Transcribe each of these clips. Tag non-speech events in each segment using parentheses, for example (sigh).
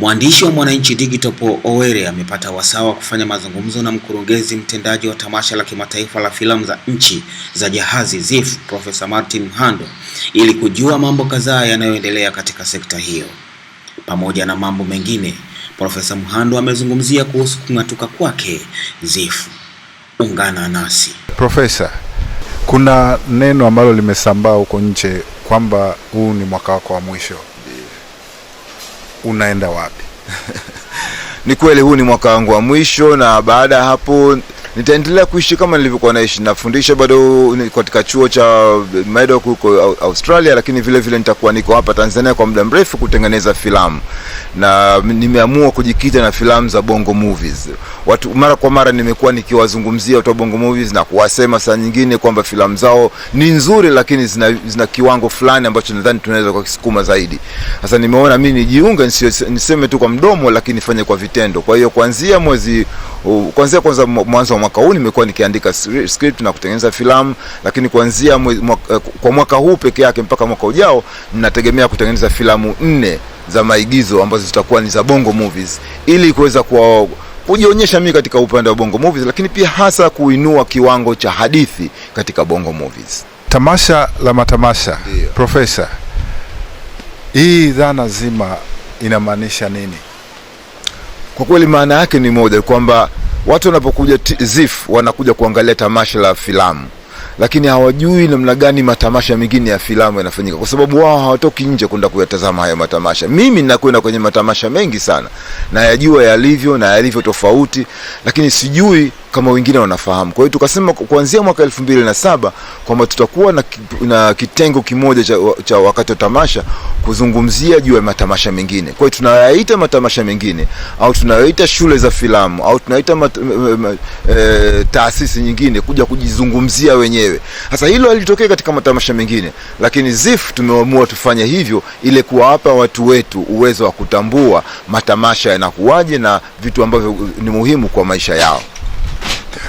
Mwandishi wa Mwananchi Digital Paul Owere amepata wasaa wa kufanya mazungumzo na mkurugenzi mtendaji wa tamasha la kimataifa la filamu za nchi za Jahazi ZIFF, Profesa Martin Mhando ili kujua mambo kadhaa yanayoendelea katika sekta hiyo. Pamoja na mambo mengine, Profesa Mhando amezungumzia kuhusu kung'atuka kwake ZIFF. Ungana nasi. Profesa, kuna neno ambalo limesambaa huko nje kwamba huu ni mwaka wako wa mwisho unaenda wapi? (laughs) Ni kweli huu ni mwaka wangu wa mwisho, na baada ya hapo nitaendelea kuishi kama nilivyokuwa naishi. Nafundisha bado katika chuo cha Murdoch huko Australia, lakini vile vile nitakuwa niko hapa Tanzania kwa muda mrefu kutengeneza filamu, na nimeamua kujikita na filamu za bongo movies. Watu mara kwa mara nimekuwa nikiwazungumzia watu wa bongo movies na kuwasema saa nyingine kwamba filamu zao ni nzuri, lakini zina, zina kiwango fulani ambacho nadhani tunaweza kwa kisukuma zaidi. Sasa nimeona mimi nijiunge, niseme tu kwa mdomo, lakini fanye kwa vitendo. Kwa hiyo kuanzia mwezi kuanzia kwanza mwanzo mwaka huu nimekuwa nikiandika script na kutengeneza filamu, lakini kuanzia mwaka, eh, kwa mwaka huu peke yake mpaka mwaka ujao ninategemea kutengeneza filamu nne za maigizo ambazo zitakuwa ni za Bongo Movies ili kuweza kuwa kujionyesha mimi katika upande wa Bongo Movies, lakini pia hasa kuinua kiwango cha hadithi katika Bongo Movies. Tamasha la matamasha, Profesa, hii dhana zima inamaanisha nini? Kwa kweli maana yake ni moja kwamba Watu wanapokuja ZIFF wanakuja kuangalia tamasha la filamu, lakini hawajui namna gani matamasha mengine ya filamu yanafanyika, kwa sababu wao hawatoki nje kwenda kuyatazama hayo matamasha. Mimi ninakwenda kwenye matamasha mengi sana, nayajua yalivyo na yalivyo tofauti, lakini sijui kama wengine wanafahamu. Kwa hiyo tukasema kuanzia mwaka elfu mbili na saba kwamba tutakuwa na, na kitengo kimoja cha, cha wakati wa tamasha kuzungumzia juu ya matamasha mengine. Kwa hiyo tunayaita matamasha mengine au tunayaita shule za filamu au tunaita mat, e, taasisi nyingine kuja kujizungumzia wenyewe. Sasa hilo alitokea katika matamasha mengine, lakini ZIF tumeamua tufanye hivyo ili kuwapa watu wetu uwezo wa kutambua matamasha yanakuwaje na vitu ambavyo ni muhimu kwa maisha yao.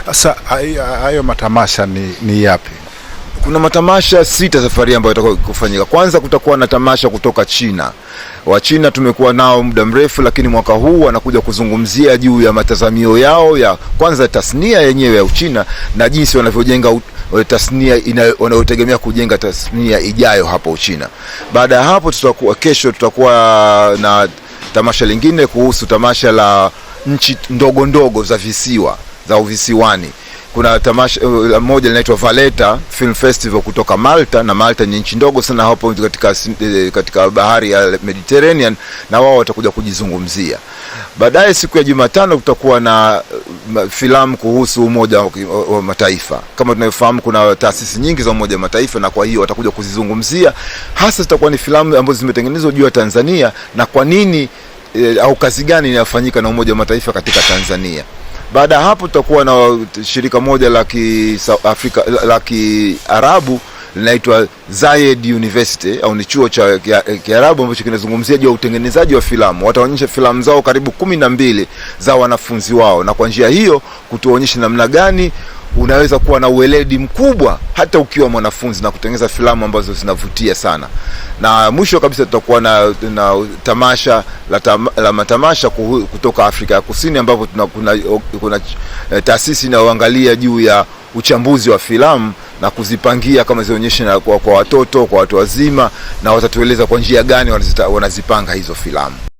Sasa hayo matamasha ni, ni yapi? Kuna matamasha sita safari ambayo itakuwa kufanyika. Kwanza kutakuwa na tamasha kutoka China. Wachina tumekuwa nao muda mrefu, lakini mwaka huu wanakuja kuzungumzia juu ya matazamio yao ya kwanza tasnia yenyewe ya Uchina na jinsi wanavyojenga eh, tasnia wanayotegemea kujenga tasnia ijayo hapo Uchina. Baada ya hapo, tutakuwa kesho, tutakuwa na tamasha lingine kuhusu tamasha la nchi ndogo ndogo za visiwa za uvisiwani Kuna tamasha uh, moja linaitwa Valletta Film Festival kutoka Malta, na Malta ni nchi ndogo sana hapo katika, eh, katika bahari ya Mediterranean, na wao watakuja kujizungumzia. Baadaye siku ya Jumatano kutakuwa na eh, filamu kuhusu Umoja wa Mataifa. Kama tunavyofahamu, kuna taasisi nyingi za Umoja wa Mataifa, na kwa hiyo watakuja kuzizungumzia, hasa zitakuwa ni filamu ambazo zimetengenezwa juu ya Tanzania na kwa nini eh, au kazi gani inayofanyika na Umoja wa Mataifa katika Tanzania. Baada ya hapo tutakuwa na shirika moja la Kiafrika la Kiarabu linaitwa Zayed University au ni chuo cha Kiarabu ambacho kinazungumzia juu ya utengenezaji wa filamu. Wataonyesha filamu zao karibu kumi na mbili za wanafunzi wao, na kwa njia hiyo kutuonyesha namna gani unaweza kuwa na uweledi mkubwa hata ukiwa mwanafunzi na kutengeneza filamu ambazo zinavutia sana. Na mwisho kabisa tutakuwa na, na tamasha la, tam, la matamasha kuhu, kutoka Afrika ya Kusini ambapo tuna, kuna, kuna eh, taasisi inayoangalia juu ya uchambuzi wa filamu na kuzipangia kama zionyeshe kwa, kwa watoto, kwa watu wazima na watatueleza kwa njia gani wanazita, wanazipanga hizo filamu.